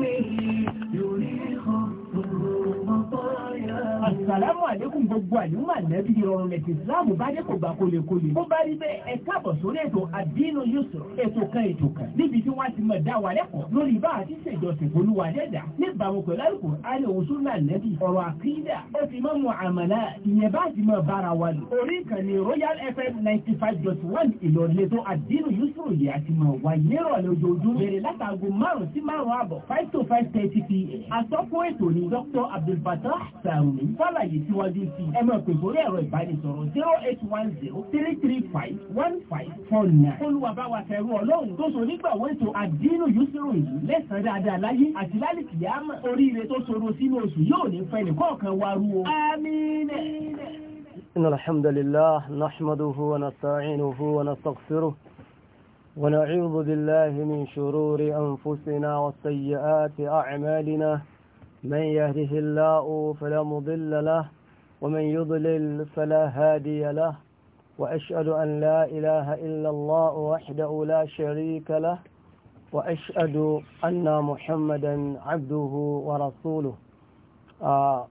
way. àsàlámù àlékún gbogbo àlùmọ̀ ànẹ́bí ìrọ̀rùn ẹ̀sìn ìsìláàmù bá dé kò gbà kólekóle. ó bá rí bẹ́ẹ̀ ẹ káàbọ̀ sórí ètò àdínú yusuf ètò kan ètò kan níbi tí wọ́n ti mọ̀ dá wa lẹ́kọ̀ọ́ lórí bá àti ṣèjọsìn olúwa dẹ́dà níbàámu pẹ̀lú àlùkò alẹ́ òun súnà ànẹ́bí ọ̀rọ̀ àkídà ó fi mọ́ muamala ìyẹn bá ti mọ̀ bára wa lò. orí ìkànnì royal fm ninety five dot one ìlọrin ètò àdínú yusuf yìí àti mọ̀ wá yẹ́rọ̀lẹ́ ojoojúmọ́ bẹ̀rẹ̀ látàgò márùn-ún sí márùn-ún àbọ̀ five to five thirty pm. àtọ́kùn ètò ni dr abdulfatah sàrùmí lálàyé síwájú sí ẹ máa pè sórí ẹ̀rọ ìbánisọ̀rọ̀ zero eight one zero three three five one five four nine. olùwàbáwa tẹ̀rù ọlọ́run tó so nígbà wọ́n ètò àdínú yusuf yìí lẹ́sàn-án dáadáa láyé àti lálìkì yá mọ̀ oríire tó soro sínú oṣù yóò ní fẹ́ nìkọ́ọ̀kan wa rú o. àmín. إن الحمد لله نحمده ونستعينه ونستغفره ونعوذ بالله من شرور أنفسنا وسيئات أعمالنا من يهده الله فلا مضل له ومن يضلل فلا هادي له وأشهد أن لا إله إلا الله وحده لا شريك له وأشهد أن محمدا عبده ورسوله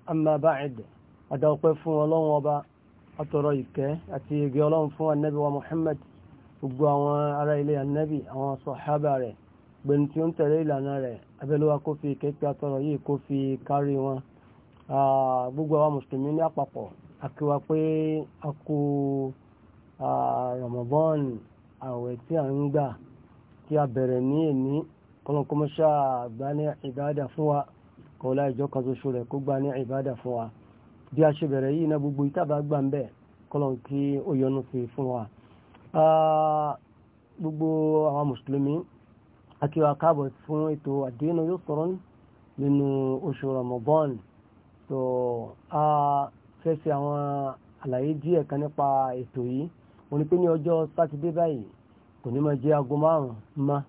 أما بعد أدوقف الله وبا أتريك أتيجي الله فو النبي ومحمد gbogbo àwọn ará ilé annabi àwọn gbẹ̀ni tí ó ń tẹ̀lé ìlànà rẹ̀ abẹ́lúwa kó fi kẹ́kẹ́ àtọ̀rọ̀ yìí kó fi kárí wọn gbogbo àwa mùsùlùmí ní àpapọ̀ àkíwá pé a kú Ramadan àwẹ̀ tí a ń gbà tí a bẹ̀rẹ̀ ní èní kọlọ́kọmọ́ṣà gbá ní ìbáàdà fún wa kọlá ìjọ kan ṣoṣo rẹ̀ kó gbá ní ìbáàdà fún wa bí a ṣe bẹ̀rẹ̀ yìí náà gbogbo ìtàbà gbà ń bẹ̀ kọlọ́n kí ó yọ́nú sí fún wa gbogbo àwa mùsùlùmí akíwa káàbọ̀ fún ètò àdínú yóò sọ̀rọ̀ nínú oṣù Ramadan tó a fẹ́ ṣe àwọn àlàyé díẹ̀ kan nípa ètò yìí mo ní pé ní ọjọ́ sátidé báyìí kò ní máa jẹ́ aago márùn-ún mọ́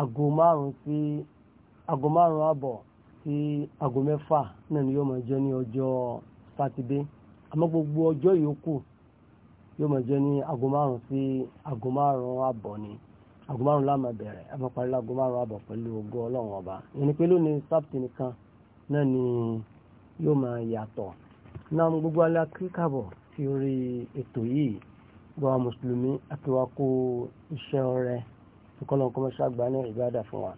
aago márùn-ún sí aago márùn-ún àbọ̀ sí aago mẹ́fà náà ni yóò máa jẹ́ ní ọjọ́ sátidé àmọ́ gbogbo ọjọ́ yòókù yóò máa jẹ́ ní aago márùn-ún sí aago márùn-ún àbọ̀ ni agomárùn láàmà bẹ̀rẹ̀ abọ́parí lágomárùn àbọ̀ pẹ̀lú ògo ọlọ́run ọba ìní ni lónìí sábtì nìkan náà ni yóò máa yàtọ̀ náà mo gbogbo alẹ́ akíkàbọ̀ sí orí ètò yìí gbọ́wọ́ mùsùlùmí akíwákó iṣẹ́ ọrẹ ìkọlọ̀ kọmọṣẹ́ àgbà ní ìgbàdà fún wa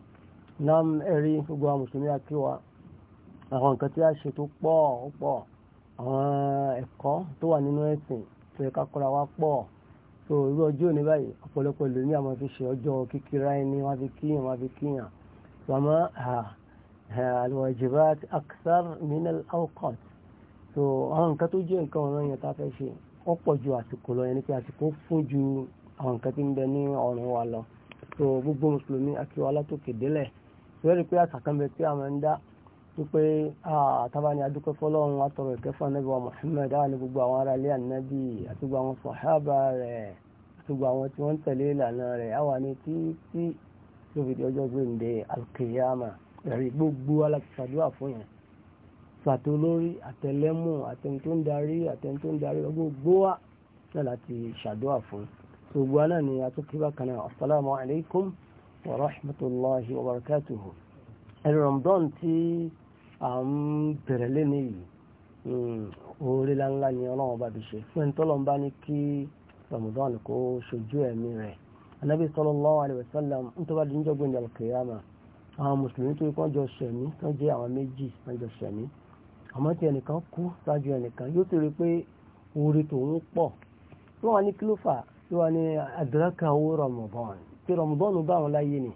náà ẹ̀rí gbogbo mùsùlùmí akíwá àwọn nǹkan tí a ṣe tó pọ̀ ó pọ̀ àwọn ẹ̀kọ́ tó wà nínú ẹ̀sìn tó yẹ ká kọ́ra wa pọ̀ so irú ọjọ́ òní báyìí ọ̀pọ̀lọpọ̀ ìlú ní àwọn fi ṣe ọjọ́ kíkíra ẹni wọ́n fi kíyàn wọ́n fi kíyàn wàmọ́ alwajibat aksar minel awqat so àwọn nǹkan tó jẹ́ nǹkan ọ̀ràn yẹn tá a fẹ́ ṣe ó pọ̀ ju àsìkò lọ yẹn ni pé àsìkò fún ju àwọn nǹkan tí ń bẹ ní ọ̀rùn wa lọ so gbogbo mùsùlùmí àti wàhálà tó kéde lẹ̀ so yẹ́n rí pé àṣà kan bẹ tí ń dá wípé àtàbáni adúpẹ́ fọ́lọ́run atọrọ ìkẹfà ànábì wa Muhammad àwọn ní gbogbo àwọn ará ilé ànábì àti gbogbo àwọn sàhábà rẹ̀ àti gbogbo àwọn tí wọ́n ń tẹ̀lé ìlànà rẹ̀ àwa ní títí tó fi di ọjọ́ gbèǹde alkiyama ẹ̀rí gbogbo alákìsàdúrà fún yẹn pàtó lórí àtẹlẹ́mù àtẹni tó ń darí àtẹni tó ń darí gbogbo wa náà láti ṣàdúrà fún gbogbo náà ni atúkí bákan náà assalamu alaikum wa rahmatullahi wa barakatuhu à ń bẹ̀rẹ̀ lẹ́nu yìí hmm, oore láńlá ni ọlọ́run bá fi ṣe fún ẹni tọ́lọ́run bá ní kí Ramadan kó ṣojú ẹ̀mí rẹ̀ anábì sallallahu alaihi wasallam ń tó bá di níjọ́ gbẹ̀ndẹ̀ alkiyama àwọn mùsùlùmí tó kọ́ jọ ṣẹ̀mí tó jẹ́ àwọn méjì tó jọ ṣẹ̀mí àmọ́ tí ẹnìkan kú ṣáájú ẹnìkan yóò ti rí pé oore tòun pọ̀ tó wà ní kílófà tó wà ní adraka owó Ramadan tí Ramadan bá wọn láyé nìyí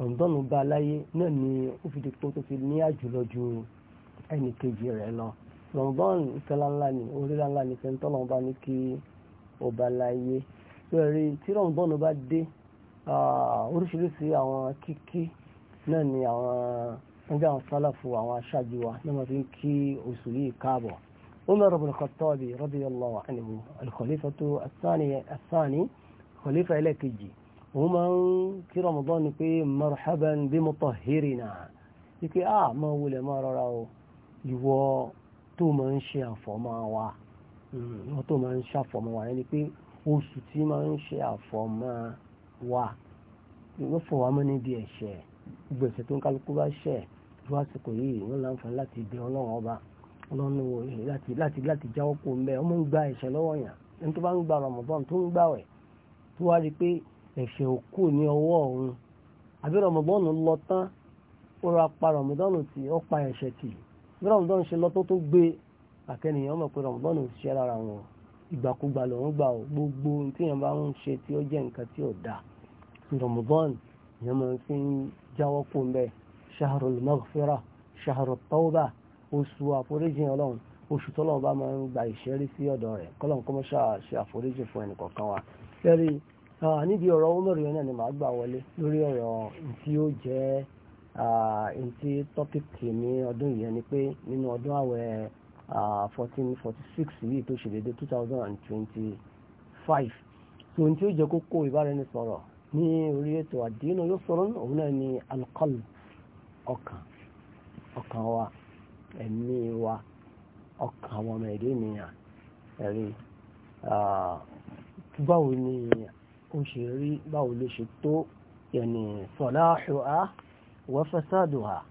rọ̀mùdọ́nù bá láyé náà ni ó fi di pé tó fi ní àjùlọ ju ẹnì kejì rẹ̀ lọ rọ̀mùdọ́nù ìfẹ́lá ńlá ni orílẹ̀ ńlá ni fẹ́ntọ́nù bá ní kí ó bá láyé lórí tí rọ̀mùdọ́nù bá dé oríṣiríṣi àwọn kíkí náà ni àwọn ẹgbẹ́ àwọn sálàfù àwọn aṣáájú wa náà máa fi ń kí oṣù yìí káàbọ̀ Umar ibn Khattabi radiyallahu anhu al-Khalifa ath òun máa ń kí Ramadan ni pé marhaban bí mutahhirina wípé a ah, máa wulẹ̀ máa rọra o ìwọ tó máa ń ṣe àfọ̀mọ́ wa hmm, ìwọ tó máa ń ṣe àfọ̀mọ́ wa ẹni pé oṣù tí máa ń ṣe àfọ̀mọ́ wa ìwọ fọwọ́ mọ́ níbi ẹ̀ṣẹ̀ gbogbo ẹ̀ṣẹ̀ tó ń kálukú bá ṣẹ̀ ju àsìkò yìí wọ́n láǹfààní láti bẹ ọlọ́run ọba ọlọ́run wo láti láti láti jáwọ́ kó ń bẹ ọmọ ń gba ẹ̀ṣẹ̀ lọ́wọ́ yàn ẹni tó bá ń gba Ramadan tó ń gbàwẹ̀ tó wá rí pé ẹ̀ṣẹ̀ òkú ní ọwọ́ òun àbí rọmọdọ́nù lọ tán ó ra pa rọmọdọ́nù tí ó pa ẹ̀ṣẹ̀ tì bí rọmọdọ́nù ṣe lọ tó tó gbé àkẹ́nìyàn mọ̀ pé rọmọdọ́nù ṣiṣẹ́ lára wọn ìgbàkúgbà lòun gbà ó gbogbo tí yẹn bá ń ṣe tí ó jẹ́ nǹkan tí ò dáa rọmọdọ́nù yẹn máa fi ń jáwọ́ kó mbẹ́ ṣaharul maghfira ṣaharul tawba oṣù àforíjì ọlọ́run oṣù tọ́lọ́run bá máa ń gba ìṣẹ́rí sí ọ̀dọ̀ rẹ̀ kọ́lọ́n kọ́mọ́ṣáà ṣe àforíjì fún ẹnì kọ̀ọ̀kan wa lẹ́rìí níbi ọ̀rọ̀ olórí yẹn náà ni màá gbà wọlé lórí ọ̀rọ̀ tí ó jẹ́ ntí tọ́pìkì ní ọdún yìí ni pé nínú ọdún àwẹ̀ fourteen forty six yìí tó ṣe déédéé two thousand and twenty five tó ntí ó jẹ́ kókó ìbáraẹnisọ̀rọ̀ ní orí ètò àdínú yóò sọ̀rọ̀ òun náà ni alcohol ọkàn ọkàn wa ẹ̀mí wa ọkàn àwọn ọmọ ẹ̀dẹ́ ènìyàn ẹ̀rí báwo ni ó ṣe rí báwo ló ṣe tó yẹni salahuha wa fasaduha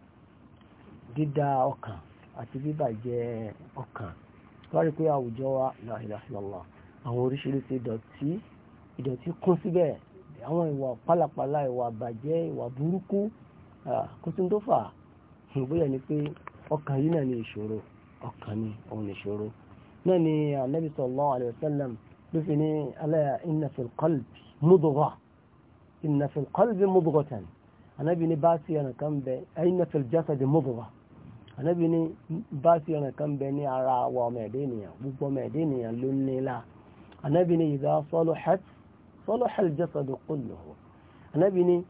dídá ọkàn àti bíbàjẹ́ ọkàn lọ́rí pé àwùjọ wa la ilaha illallah àwọn oríṣiríṣi ìdọ̀tí ìdọ̀tí kún síbẹ̀ àwọn ìwà pálapàla ìwà bàjẹ́ ìwà burúkú kò tún tó fà bóyá ni pé ọkàn yìí náà ni ìṣòro ọkàn ni òun ìṣòro náà ni Ànábì sallallahu alaihi wasallam ló fi ní ala inna fil qalbi mudugha inna fil qalbi mudughatan anabi ni bá sí ẹnà kan bẹ inna fil jasadi mudugha anabi ni bá sí ẹnà kan bẹ ní ara wa ọmọ ẹ̀dẹ́ ènìyàn gbogbo ọmọ ẹ̀dẹ́ ènìyàn ló ní la anabi ni idha salahat salaha al jasadu kulluhu anabi ni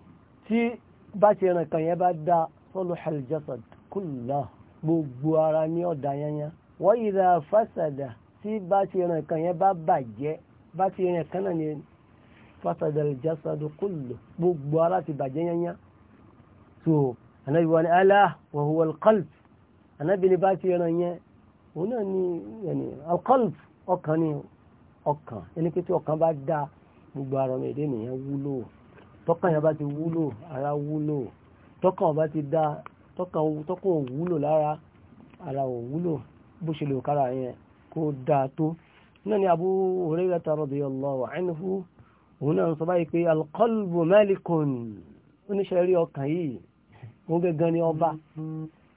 tí bá sí ẹnà kan yẹn bá dá salaha al jasad kulluhu gbogbo ara ní ọ̀dà yányán wa idha fasada tí bá sí ẹnà kan yẹn bá bàjẹ́ bá sí ẹnà kan náà fasadal jasadu kullu gbogbo ara ti bàjẹ́ yányá so anabi wa ni ala wa huwa alqalb anabi ni bá ti ẹran yẹn òun náà ni yani alqalb ọkàn ni ọkàn ẹni pé tí ọkàn bá da gbogbo ara ọmọ èdè nìyẹn wúlò tọkàn yẹn bá ti wúlò ara wúlò tọkàn ọba ti da tọkàn òwúlò lára ara òwúlò bó ṣe lè kára yẹn kó dáa tó náà ni Abu Hurairah radiyallahu anhu òun náà sọ báyìí pé alqalbu malikun oníṣẹ́ rí ọkàn yìí òun gẹ́gẹ́ ni ọba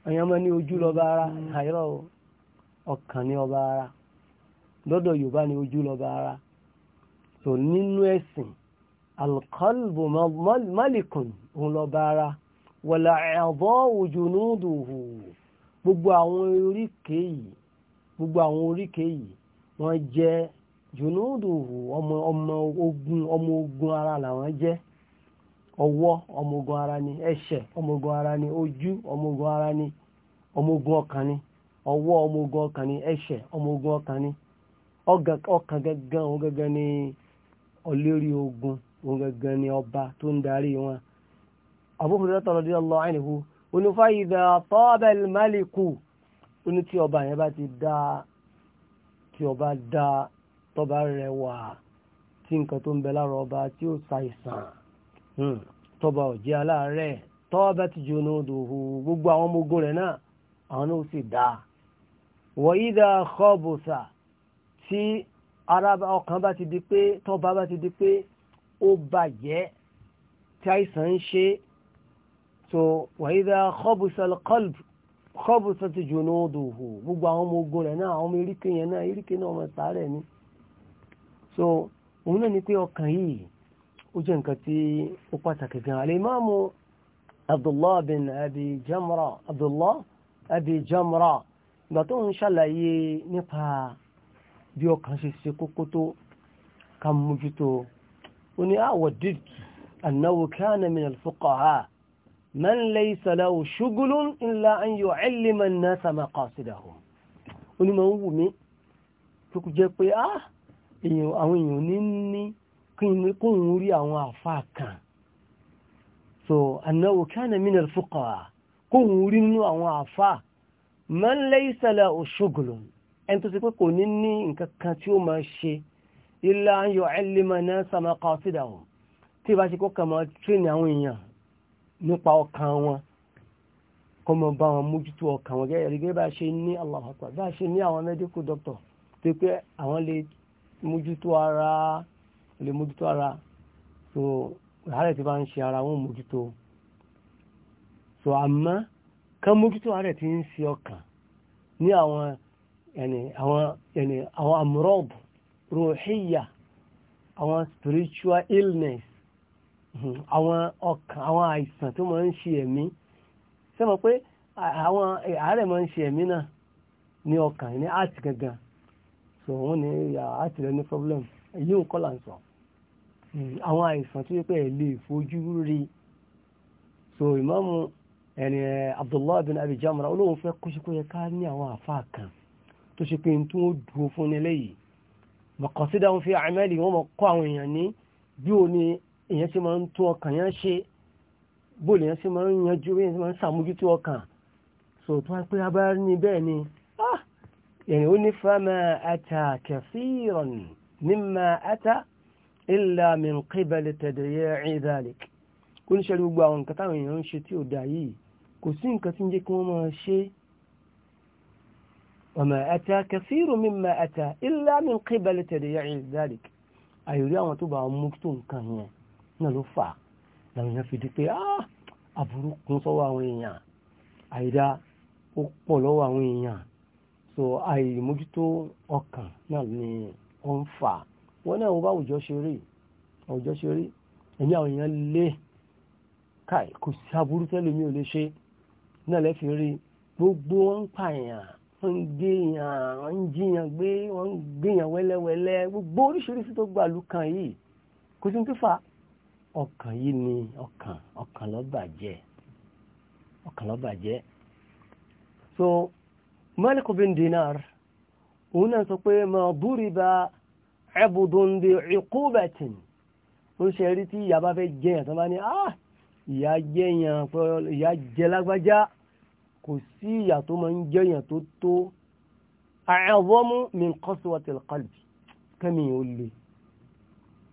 èèyàn máa ní ojú lọ́ba ara àìrọ̀ ọkàn ni ọba ara lọ́dọ̀ yorùbá ni ojú lọ́ba ara so nínú ẹ̀sìn alqalbu malikun òun lọ́ba ara wọ̀là ẹ̀bọ́ junuduhu gbogbo àwọn oríkèé yìí gbogbo àwọn oríkèé yìí wọ́n jẹ́ jùnúdùhù ọmọ ọmọ ogun ọmọ ogun ara làwọn jẹ ọwọ ọmọ ogun ara ni ẹsẹ̀ ọmọ ogun ara ni ojú ọmọ ogun ara ni ọmọ ogun ọkàn ni ọwọ ọmọ ogun ọkàn ni ẹsẹ̀ ọmọ ogun ọkàn ni ọkàn gẹ́gẹ́ òun ni ọlẹ́rí ogun òun ni ọba tó ń darí wọn àìníhu onífà ìdá ọba yẹn tọba rẹwà tí nǹkan tó ń bẹ lára ọba tí ó ṣàìsàn hmm, tọba ò jẹ́ aláàárẹ̀ tọ́ọ̀bá ti jóná dòhù gbogbo àwọn ọmọ ogun rẹ̀ náà àwọn náà sì dáa wọ́n kọ́bùsà tí ara ọkàn bá ti di pé tọ́ba bá ti di pé ó bàjẹ́ tí àìsàn ń ṣe so wọ́n ìdá kọ́bùsà kọ́bùsà ti jóná dòhù gbogbo àwọn ọmọ ogun rẹ̀ náà àwọn ọmọ eríkè yẹn náà eríkè náà ọmọ sàárẹ̀ ni so òun náà ni pé ọkàn yìí ó jẹ́ nǹkan tí ó pàtàkì gan alimamu abdullah bin abi jamra abdullah abi jamra ìgbà tó ń ṣàlàyé nípa bí ọkàn ṣe ṣe kókó tó ká mójútó ó ní àwọ̀ dìdì annahu kana min al-fuqaha man laysa lahu shughulun illa an yu'allima an-nasa maqasidahum ó ní ma ń wù mí tó kù jẹ́ pé ah èèyàn àwọn èèyàn ní ní kóhun rí àwọn àfáà kan so annahu kana min al-fuqaha kóhun rí nínú àwọn àfáà man laysa lahu shughlun ẹni tó ti pé kò ní ní nǹkan kan tí ó máa ṣe illa an yu'allima nasa maqasidahum tí ìbá ṣe kó kàn máa tírínì àwọn èèyàn nípa ọkàn wọn kọ́ mọ bá wọn mójútó ọkàn wọn gẹ́gẹ́ bá ṣe ní Allahu Akbar bá ṣe tó pé àwọn lè mójútó ara lè mójútó ara so àárẹ̀ tí bá ń ṣe ara wọn mójútó so àmọ́ kán mójútó àárẹ̀ tí ń ṣe ọkàn ní àwọn ẹni àwọn ẹni àwọn amúrọ́ọ̀bù ruhiyya àwọn spiritual illness mhm, àwọn ọkàn àwọn àìsàn tó máa ń ṣe ẹ̀mí sẹ́mọ̀ pé àwọn àárẹ̀ máa ń ṣe ẹ̀mí náà ní ọkàn ní àti gangan so wọ́n ní yà á tìrẹ ní problem èyí ń kọ́ là ń sọ hmm, àwọn àìsàn tó yẹ pé ẹ lè fojú rí so ìmáàmù ẹni Abdullahi bin Abi Jamra olóhùn fẹ́ kó ṣe kó yẹ ká ní àwọn àfa kan tó ṣe pé n tó dúró fún ní lẹ́yìn mọ̀kànsídà ń fi àmẹ́lì wọ́n mọ̀ kọ́ àwọn èèyàn ní bí o ní èèyàn ṣe máa ń tún ọkàn yẹn ṣe bóòlù yẹn ṣe máa ń yanjú bí yẹn ṣe máa ń ṣàmójútó ọkàn so tó wá pé abáyá ní bẹ́ẹ̀ ni يعني وني فما أتى كثيرا مما أتى إلا من قبل تدياع ذلك كن شلوبا وانكتاوي ينشتي ودايي كسين كسين جيكم وما شيء وما أتى كثير مما أتى إلا من قبل تدياع ذلك أيوريا وتبع مكتوم كان نلفع لو نفيدك آه أبروك مصوى وين أيدا أقبلوا وين so àìmójútó ọkàn náà ni ó ń fà wọn náà wọn bá àwùjọ ṣe rí àwùjọ ṣe rí ẹ̀yìn àwọn èèyàn lé káì kò sí aburú tẹ́lẹ̀ mi ò lè ṣe náà lẹ́fi rí gbogbo wọn ń pààyàn wọ́n ń gbéyàn wọ́n ń jiyàn gbé wọ́n ń gbéyàn wẹ́lẹ́wẹ́lẹ́ gbogbo oríṣiríṣi tó gbà lùkàn yìí kò sí tó fà ọkàn yìí ni ọkàn ọkàn ló bàjẹ́ ọkàn ló bàjẹ́ so Malik bin Dinar òun náà sọ pé ma duriba abdun bi uqubatin ó ṣe rí tí ìyá bá fẹ́ jẹyàn tó bá ní ah ìyá jẹyàn ìyá jẹ lágbájá kò sí ìyà tó máa ń jẹyàn tó tó a'zamu min qaswatil qalbi kẹ́mi ò le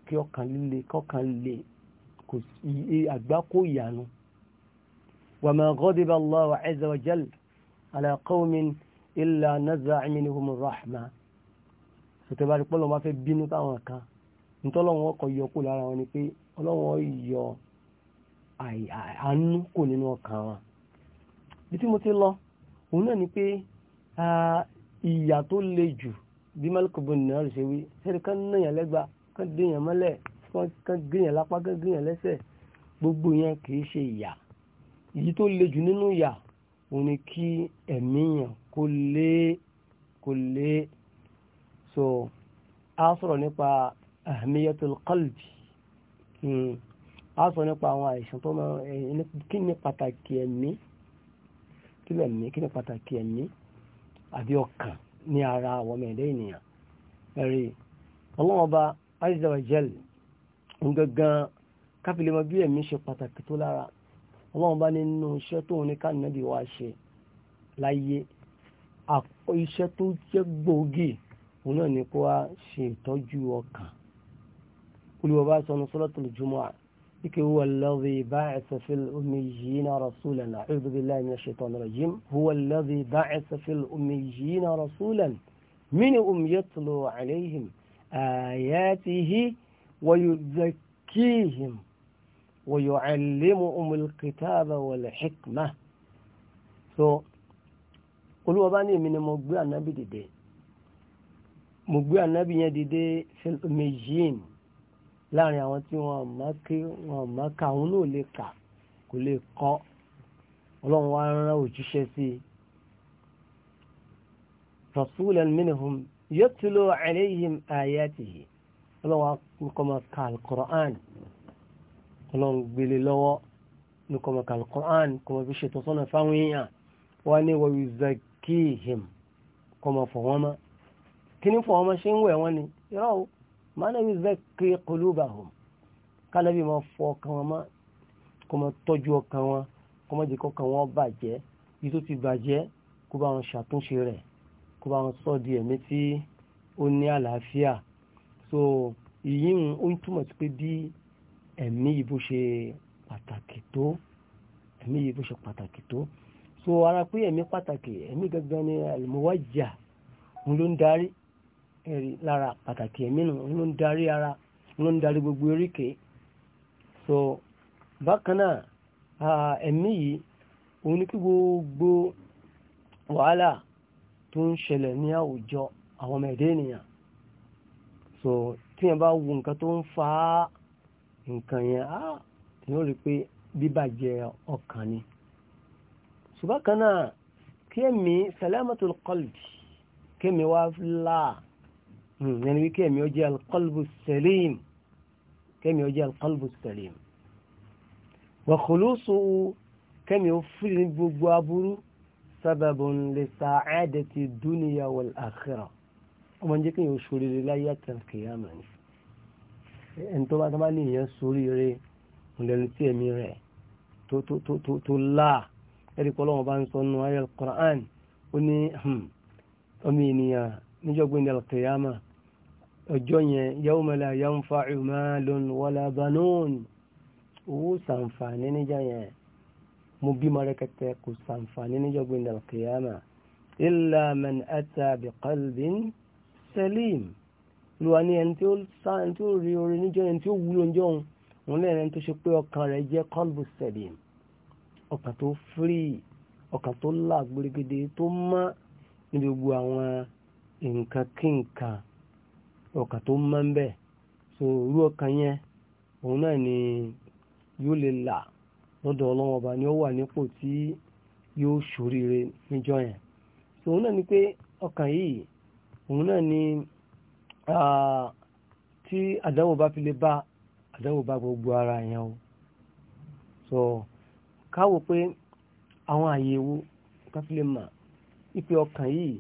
kí ọkàn líle kọ́kàn le kò sí e, àgbákò ìyanu wa ma ghadiba Allahu azza wa jalla ala qawmin illa naza' minhum rahma ṣètòbá rí pọ́lọ́ máa fẹ́ bínú táwọn kan nítọ́lọ́wọ́n ọkọ̀ yọ kó lára wọn ni pé ọlọ́wọ́n yọ àánú kò nínú ọkàn wọn bí tí mo ti lọ òun náà ni pé ìyà tó le jù bí mẹ́lẹ́kọ̀bọ̀n náà ṣe wí sẹ́ni kan náyàn lẹ́gba kan déyàn mọ́lẹ̀ kan òun ni kí ẹ̀míyàn kó lé kó lé so a sọ̀rọ̀ nípa ahmiyatul qalbi hmm. a sọ̀rọ̀ nípa àwọn àìsàn tó máa eh, kí ni pàtàkì ẹ̀mí kí ni ẹ̀mí kí ni pàtàkì ẹ̀mí àbí ọkàn ní ara àwọn ọmọ ẹ̀dẹ́ ènìyàn ẹ̀rí ọlọ́wọ́n bá azza wa gangan káfílẹ̀ bí ẹ̀mí ṣe pàtàkì tó lára ọlọ́run bá nínú iṣẹ́ tóun ní kánàbí wa ṣe láyé iṣẹ́ tó jẹ́ gbòógì òun náà ní kó wá ṣe ìtọ́jú ọkàn olùwọ́bá sọnù suratul Jumu'ah ike huwa alladhi ba'atha fil ummiyyina rasulan a'udhu billahi minash shaitanir rajim ويعلمهم الكتاب والحكمة so olúwa bá ní èmi ni mo gbé ànábì dìde mo gbé ànábì yẹn dìde filmejin láàrin àwọn tí wọn àmáké wọn àmáká àwọn náà lè kà kò lè kọ ọlọ́run wa rán òjíṣẹ́ sí i rasulan minhum yatlu alayhim ayatihi ọlọ́run wa kọ́ máa ka al-Qur'an ọlọ́run gbélé lọ́wọ́ ní kọmọkà alukur'an kọmọ fi ṣètò sọ́nà fáwọn èèyàn wá ní wa yuzakkihim kọmọ fọwọ́mọ́ kí ní fọwọ́mọ́ ṣe ń wẹ̀ wọ́n ni irọ́ o máa náà yuzakki qulubahum kálẹ́bí máa fọ ọkàn wọn mọ́ kọmọ tọ́jú ọkàn wọn kọmọ jẹ́ kọ́kàn wọn bàjẹ́ bí tó ti bàjẹ́ kó bá wọn ṣàtúnṣe rẹ̀ kó bá wọn sọ́ di ẹ̀mí tí ó ní àlàáfíà so ìyí ń túmọ̀ sí pé bí ẹ̀mí yìí bó ṣe pàtàkì tó ẹ̀mí yìí bó ṣe pàtàkì tó so ara pé ẹ̀mí pàtàkì ẹ̀mí gangan ni àlùmọ́wájà òun ló ń darí ẹ̀rí lára pàtàkì ẹ̀mí nù òun ló ń darí ara òun ló ń darí gbogbo oríkèé so bákan náà ẹ̀mí yìí òun ni kí gbogbo wàhálà tó ń ṣẹlẹ̀ ní àwùjọ àwọn ọmọ ẹ̀dẹ́ ènìyàn so tí yẹn bá wo nǹkan tó ń fa á nǹkan yẹn á yóò rí pé bíbàjẹ́ ọkàn ni ṣùgbọ́n kan náà kí ẹ̀mí salamatul qalbi kí ẹ̀mí wá láà hmm, yẹni wí kí ẹ̀mí ó jẹ́ alqalbu salim kí ẹ̀mí ó jẹ́ alqalbu salim wa khulusu kẹ́mi ó fìrí gbogbo aburú sababun li sa'adati dunya wal akhirah ọmọ jẹ́ kí yóò ṣoríire láyé àtàkìyàmọ̀ ni ẹni tó bá tó bá ní ìyẹn sórí rẹ̀ lẹ́nu tí ẹ̀mí rẹ̀ tó tó tó ẹ̀rí pé bá ń sọ nù ayé Qur'an ó ní hmm, ọmọ ènìyàn níjọ́gbìn ní al-qiyama ọjọ́ yẹn yawma la yanfa'u malun wala banun owó sàǹfààní níjà yẹn mo bímọ rẹkẹtẹ kò sàǹfààní níjọ́gbìn ní al-qiyama illa man ata bi qalbin salim. lùwà ní ẹni tí ó sá ẹni tí ó rí orin níjọ́ ẹni tí ó wúlò níjọ́ òun òun lẹ́yìn tó ṣe pé ọkàn rẹ̀ jẹ́ kọ́lbù sẹ̀dìm ọkàn tó ọkàn tó là tó mọ́ níbi gbogbo àwọn nǹkan ọkàn tó mọ́ ń bẹ̀ so irú ọkàn yẹn òun náà ni yóò lè là lọ́dọ̀ ọlọ́wọ́n ọba ni ó wà nípò tí yóò níjọ́ yẹn so òun náà ni pé ọkàn yìí òun Ah, tí àdánwò bá fi lè bá àdánwò bá gbogbo ara yẹn o so káwò pé àwọn àyèwò ká fi lè mà ipe ọkàn yìí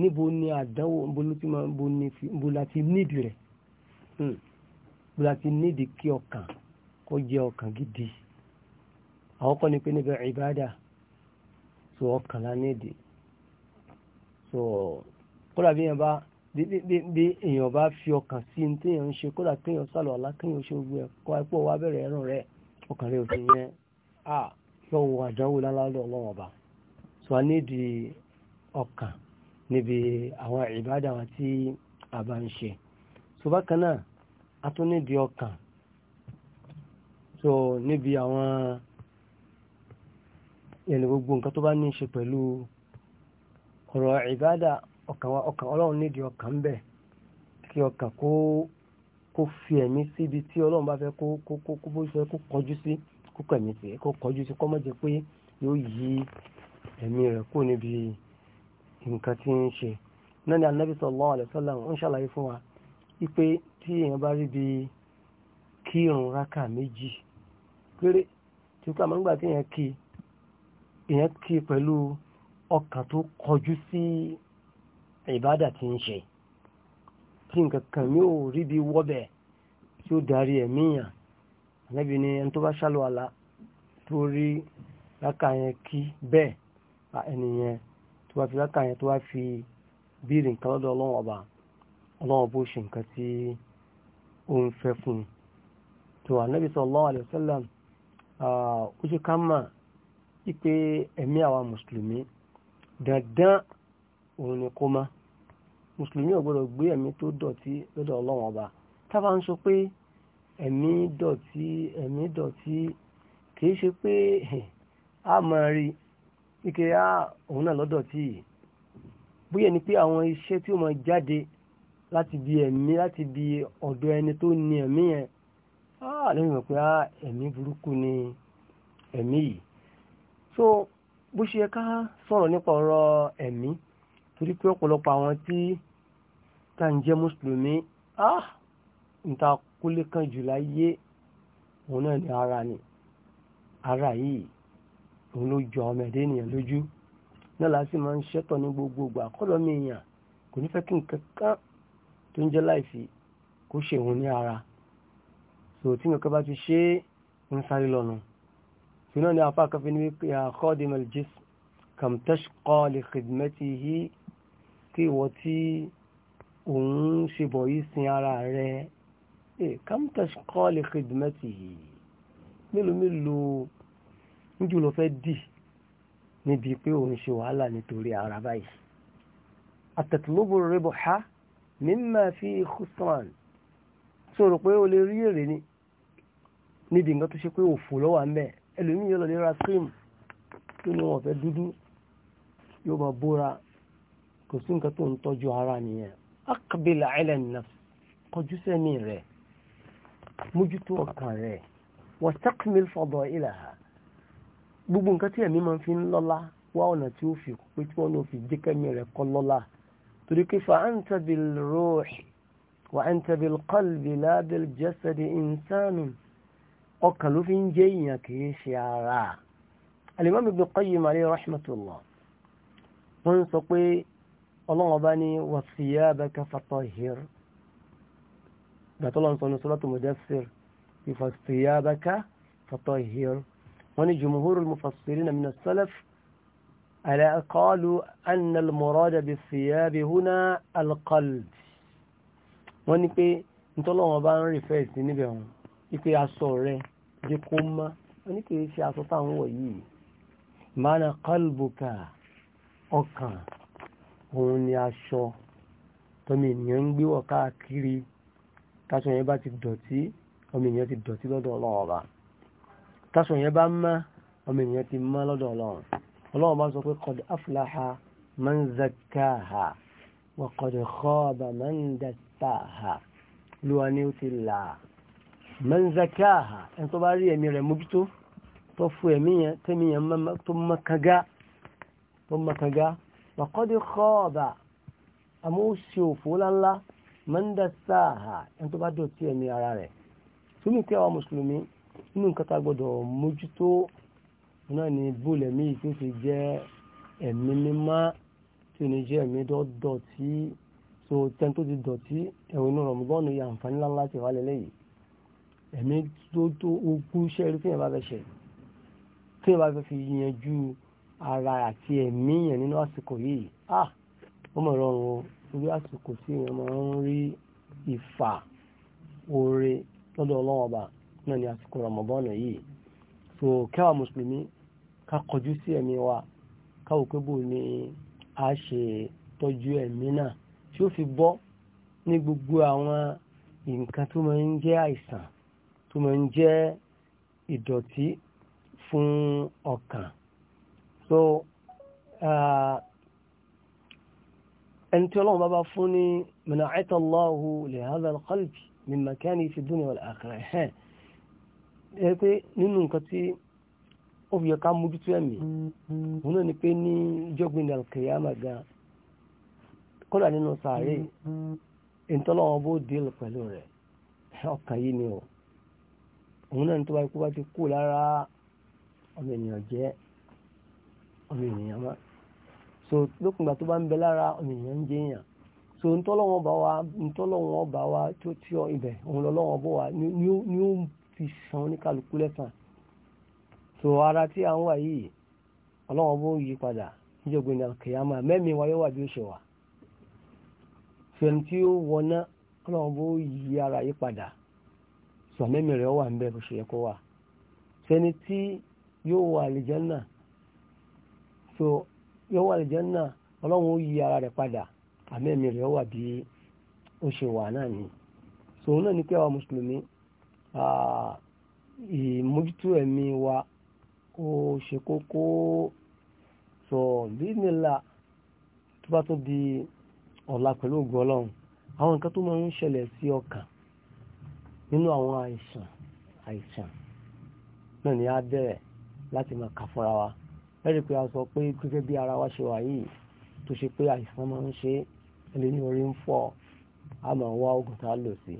níbo ni àdánwò níbo láti nídìí rẹ̀ hmm. níbo láti nídìí kí ọkàn kó jẹ́ ọkàn gidi àwọn kọ́ ni pé níbẹ̀ ìbádà so ọkàn lá nídìí so kódà bí yẹn bá bí èèyàn bá fi ọkàn sí ní tí èèyàn ń ṣe kódà kéèyàn sálọ ọlá kéèyàn ṣe gbogbo ẹ̀kọ́ ẹpọ wa bẹ̀rẹ̀ ẹrùn rẹ ọkàn rẹ ò sí yẹn à lọ wo àdánwò lálálọ Ọlọ́run ọba sọ wá nídìí ọkàn níbi àwọn ìbádà wa tí a bá ń ṣe so bákan náà a tún nídìí ọkàn so níbi àwọn yẹn ní gbogbo nǹkan tó bá ní í ṣe pẹ̀lú ọ̀rọ̀ ìbádà ọkàn wa ọkàn ọlọ́run nídìí ọkàn ń bẹ kí ọkàn kó kó fi ẹ̀mí síbi tí ọlọ́run bá fẹ́ kó kó kó kó bó ṣe kó kọjú sí kó kẹ̀mí sí kó kọjú sí kó má jẹ́ pé yóò yí ẹ̀mí rẹ̀ kó níbi nǹkan tí ń ṣe náà ni anabi sallallahu alaihi ń ṣàlàyé fún wa wípé tí èèyàn bá rí bi kí irun rákà méjì péré tí kò àmọ́ nígbà tí èèyàn kí èèyàn kí pẹ̀lú ọkàn tó kọjú sí ìbádà ti ń ṣe tí nǹkan kan mi ò rí bí wọ́bẹ̀ tí ó darí ẹ̀mí yàn ànábì ni ẹni tó bá ṣálọ àlá tó rí lákà yẹn kí bẹ́ẹ̀ ẹnìyẹn tó bá fi lákà yẹn tó bá fi bíìrì nǹkan lọ́dọ̀ ọba ọlọ́wọ́n bó ṣe nǹkan tí ó ń fẹ́ fún un tó ànábì sallallahu alaihi wasallam ó ṣe ká mà wípé ẹ̀mí àwa mùsùlùmí dandan òun ni kó máa mùsùlùmí ò gbọdọ̀ gbé ẹ̀mí tó dọ̀tí lọ́dọ̀ ọlọ́run ọba tábà ń sọ pé ẹ̀mí dọ̀tí ẹ̀mí dọ̀tí kìí ṣe pé a máa rí ike a òun náà lọ́dọ̀ tí yìí bóyá ni pé àwọn iṣẹ́ tí ó máa jáde láti bi ẹ̀mí láti bi ọ̀dọ̀ ẹni tó ní ẹ̀mí yẹn ah lẹ́yìn mọ̀ pé ah ẹ̀mí burúkú ni ẹ̀mí yìí so bó ṣe ká sọ̀rọ̀ nípa ọ̀rọ̀ ẹ̀mí torí pé ọ̀pọ̀lọpọ̀ àwọn tí tá ń jẹ́ mùsùlùmí ah níta kólé kan jù láyé òun náà ni ara ni ara yìí òun ló jọ ọmọ ẹ̀dẹ́ ènìyàn lójú náà láti máa ń ṣẹ́tọ̀ ní gbogbogbò àkọ́lọ́ mi èèyàn kò ní fẹ́ kí nǹkan kan tó ń jẹ́ láìsí kó ṣe òun ní ara so tí nǹkan bá ti ṣe é ń sáré lọ́nu tí náà ni afá kan fi ní wípé àkọ́dìmọ̀lì jésù kàmtẹ́ṣkọ́ lè xìdìmẹ́tì yìí kí ìwọ tí òun ń ṣe bọ̀ yìí sin ara rẹ̀ ẹ̀ kamtash kọ́ọ̀lì kìdìmẹ́tì yìí mélòó mélòó níjú ló fẹ́ dì níbi pé òun ṣe wàhálà nítorí ara báyìí àtẹ̀tùlóbù rẹ̀bọ̀ ha mímọ̀ fi khusran tí o rò pé o lè rí èrè ni níbi nǹkan tó ṣe pé òfò lọ́wọ́ àmì ẹlòmíì yóò lọ ra cream tó ní wọn fẹ́ dúdú yóò máa bóra kò sí nǹkan tó ń tọ́jú ara nìyẹn akbil ala nafs kọjú sẹ́mi rẹ̀ mójútó ọkàn rẹ̀ wastakmil fadailaha gbogbo nǹkan tí ẹ̀mí máa fi ń lọ́lá wá ọ̀nà tí ó fi pé tí wọ́n náà fi jẹ́ kẹ́mi rẹ̀ kọ́ lọ́lá torí pé fa anta bil wa anta qalbi la jasadi insanun ọkàn ló fi ń jẹ́ èèyàn kì ṣe ara alimami ibn qayyim alayhi rahmatullah wọ́n sọ pé ọlọ́run ọba ní wasiyabaka fatahhir gbàtọ́lọ́run sọ ní suratul mudaththir wasiyabaka fatahhir wọ́n ní jumhurul mufassirina قالوا أن المراد بالثياب هنا القلب wọ́n ní pé ntọ́lọ́wọ́n bá ń rí fẹ́ẹ̀sì níbẹ̀ wọn ipe aṣọ rẹ̀ jẹ́ ọkàn òun ni aṣọ tọ́mọ ènìyàn ń gbéwọ̀ káàkiri táṣọ yẹn bá ti dọ̀tí ọmọ ènìyàn ti dọ̀tí lọ́dọ̀ ọlọ́run ọba táṣọ yẹn bá mọ́ ọmọ ènìyàn ti mọ́ lọ́dọ̀ ọlọ́run ọlọ́run bá sọ pé qad aflaha man zakkaha wa qad khaba man dassaha lúwa ni ó ti là man zakkaha ẹni tó bá rí ẹ̀mí rẹ̀ mójútó tó fún ẹ̀mí yẹn tẹ́mi yẹn tó mọ́ kága wàkọ́dí kọ́ọ̀bà àmúṣe òfò ńláńlá mọ́ndà sáà ẹni tó bá dọ̀tí ẹ̀mí ara rẹ̀ túmí tí àwọn mùsùlùmí nínú nǹkan tá a gbọ́dọ̀ mójútó náà ni bóòlù ẹ̀mí yìí tó fi jẹ́ ẹ̀mí mímá tí ò ní jẹ́ ẹ̀mí dọ̀tí so tẹ́ni tó ti dọ̀tí ẹ̀wọ̀n inú rọ̀mùbọ́ọ̀nù yà àǹfààní ńláńlá ti wà lẹ́lẹ́yìí ẹ̀mí tó tó ogún iṣẹ́ rí fíyàn bá fẹ́ ṣe fíyàn bá fẹ́ fi yanjú ara àti ẹ̀mí yẹn nínú àsìkò yìí ah ó mọ̀ rọrùn o torí àsìkò tí èèyàn máa ń rí ìfà oore lọ́dọ̀ ọlọ́wọ́n ọba náà ni àsìkò rọmọbọ́ọ̀nù yìí so kẹwàá mùsùlùmí ká kọjú sí ẹ̀mí wa káwò pé bò ní a ṣe tọ́jú ẹ̀mí náà tí ó fi bọ́ ní gbogbo àwọn nǹkan tó máa ń jẹ́ àìsàn tó máa ń fún ọkàn so uh, ẹni tí ọlọ́run bá bá fún ní mana'ata Allahu li hadha al-qalbi min makani fi dunya wal akhirah ẹ̀ ẹ pé nínú nǹkan tí ó fi yẹ ká mójútó ẹ̀mí òun náà ni pé ní jọ́gbìn al-qiyamah gan nínú sàárè ìtọ́lọ́wọ́n bó dìl pẹ̀lú rẹ̀ ọkàn yìí ni ọ̀ òun náà tó bá ikú bá ti kú lára ọmọ ènìyàn jẹ́ ọmọ ènìyàn mọ́ so lókùngbà tó bá ń bẹ lára ọmọ ènìyàn ń jẹyàn so ntọ́lọ́wọ́n bá wa ntọ́lọ́wọ́n bá wa tó tí ọ ibẹ̀ òun lọ́lọ́wọ́n bó wa ni ó fi san oníkàlùkù lẹ́sàn so ara tí à ń wà yìí ọlọ́wọ́n bó yí padà níjọba ìnà kìyàmà mẹ́mi wa yóò wà bí ó ṣe wà fẹ̀m tí ó wọná ọlọ́wọ́n bó yí ara yí padà sọ mẹ́mi rẹ̀ wà ń bẹ bó ṣe yẹ kó wà sẹni tí yóò wà àlìjẹ́ náà so yóò wà àlìjẹ́nà ọlọ́run ó yí ara rẹ̀ padà àmẹ́mi rẹ̀ wà bí ó ṣe wà náà ni so náà ni pé àwa mùsùlùmí ìmójútó ẹ̀mí wa ó ṣe kókó so bínílà tó bá tó di ọ̀la pẹ̀lú ògùn ọlọ́run àwọn nǹkan tó máa ń ṣẹlẹ̀ sí ọkàn nínú àwọn àìsàn àìsàn náà ni á bẹ̀rẹ̀ wa. ẹ̀rí pé a sọ pé gẹ́gẹ́ bí ara wa ṣe wà yìí tó ṣe pé àìsàn máa ń ṣe ẹni ní orí ń fọ́ a máa wá oògùn tá a lò sí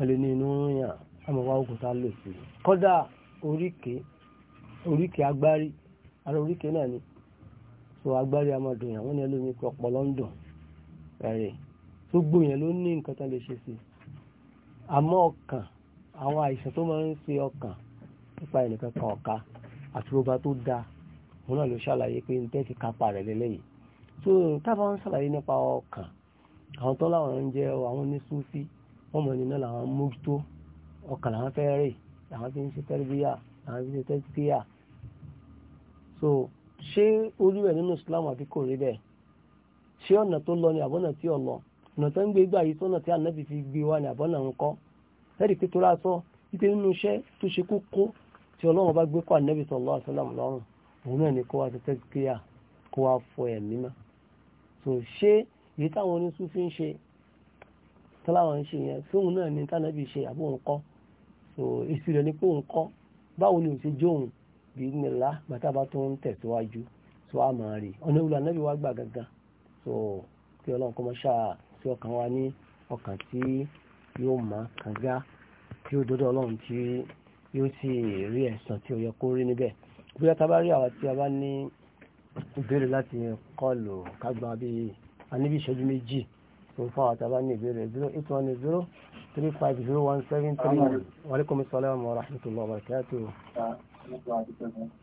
ẹni ní inú ń yàn a tá a lò sí kódà oríkèé agbárí ara oríkèé náà ni so agbárí a máa dùn yàn wọ́n ní ẹlòmíì pé ọpọlọ ń dùn ẹ̀rẹ̀ tó gbòyàn ló ní nǹkan tó lè ṣe sí àmọ́ ọkàn àwọn àìsàn tó máa ń ṣe ọkàn nípa ẹnìkan kan ọ̀ka àti ọba tó dáa òun náà ló ṣàlàyé pé ní tẹ́sí kápá rẹ̀ lélẹ́yìí tó tábà ń ṣàlàyé nípa ọkàn àwọn tó láwọn ń jẹ́ àwọn ní súfí wọ́n mọ̀ nínú làwọn mójútó ọkàn làwọn fẹ́ rè làwọn fi ń ṣe tẹ́rìbíyà làwọn fi ń ṣe tẹ́síkíyà so ṣé orí rẹ̀ nínú Islam àbí kò rí bẹ́ẹ̀ ṣé ọ̀nà tó lọ ni àbọ̀nà tí ò lọ ọ̀nà tó ń gbé gbà yìí tọ́nà tí ànábì fi gbé wá ni àbọ̀nà ń kọ́ lẹ́rìí pé tó rà sọ wípé nínú iṣẹ́ tó ṣe kókó tí Ọlọ́run bá gbé kọ́ ànábì sallallahu alaihi wasallam lọ́rùn òun náà ni kó wá ti tẹ́kíyà kó wá fọ ẹ̀mí mọ́ so ṣé èyí táwọn oníṣúfí ń ṣe tọ́láwọn ń ṣe yẹn fóun náà ni tánàbí ṣe àbó òun kọ́ so èsì rẹ̀ ni pé òun kọ́ báwo ni òṣè jóun bí nílá bàtàbà tó ń tẹ̀síwájú so a máa rí ọ̀nà ìwúlò ànábì wá gbà gangan so kí ọlọ́run kọ́ mọ́ ṣáà sí ọkàn wa ní ọkàn tí yóò máa kàn gá tí ó dọ́dọ̀ ọlọ́run tí yóò sì rí ẹ̀san tí ó yẹ kó rí níbẹ̀ bóyá ta bá rí àwọn tí a bá ní ìbéèrè láti kọlù kágbà bí a níbi ìṣẹ́jú méjì tó ń fáwọn ta bá ní ìbéèrè zero eight one zero three five zero one seven three one wàlíkùn sọlẹ́wọ̀n mọ́ rahmatulah barakatu.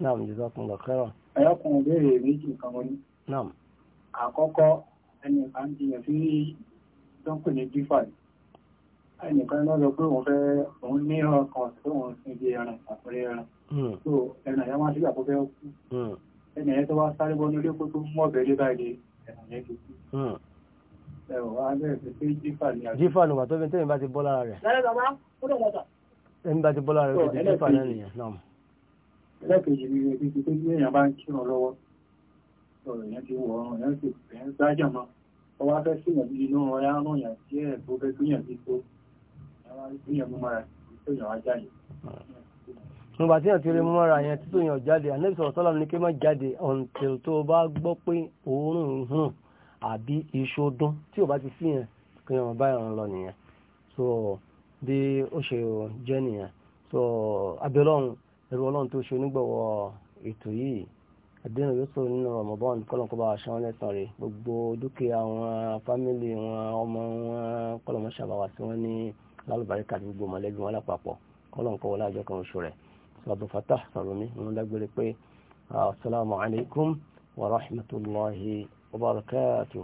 naam jazakumullah khairan. ẹ̀yọ́kùn ìbéèrè méjì kan wọ́n ní. naam. àkọ́kọ́ ẹnìkan ti yàn sí tó ẹnìkan náà lọ pé òun fẹ́ òun ní ọkàn tó òun sì di ẹran àpẹẹrẹ ẹran. Hmm. so ẹ̀nà yẹn wá sí àpò fẹ́ kú hmm. ẹ̀nà yẹn tó wá sáré bọ́ nílé kó tó mú ọ̀bẹ̀ lé báyìí ẹ̀nà yẹn tó kú hmm. ẹ̀rọ wá bẹ̀rẹ̀ pé pé jífà ni àti. jífà ló wà tó fi tẹ́yìn bá ti bọ́ lára rẹ̀. ẹni bá ti bọ́ lára rẹ̀ ó ti jífà náà nìyẹn náà. ẹlẹ́kẹ̀jì ni ebi ti pé bí èèyàn bá ń kírun lọ́wọ́ ọ̀rọ̀ yẹn ti wọ̀ ọ̀rọ̀ yẹn ti bẹ̀ ń mọ́ ọwọ́ afẹ́ sí yẹn nígbà tí yàn ti rí mọ́ra yẹn títò yàn jáde ànábì sọ̀rọ̀ sọ́lá ní kí má jáde until tó bá gbọ́ pé òórùn hùn àbí iṣu dún tí ò bá ti sí yẹn kí yàn bá yàn lọ nìyẹn so bí ó ṣe jẹ́ nìyẹn so abẹ́lọ́run ẹ̀rọ ọlọ́run tó ṣe onígbọ̀wọ́ ètò yìí àdéhùn yóò sọ nínú Ramadan kọ́lọ́nkọ́ba aṣọ wọn lẹ́sàn rẹ̀ gbogbo dúkìá wọn fámìlì wọn ọmọ wọn kọ́lọ́mọṣàbàwà sí wọn ní lálùbáríkà àti gbogbo mọ̀lẹ́bí wọn lápapọ̀ kọ́lọ́nkọ́ wọlé àjọkọ̀ oṣù rẹ̀ لدو فتح صلوني ونقول لك السلام عليكم ورحمة الله وبركاته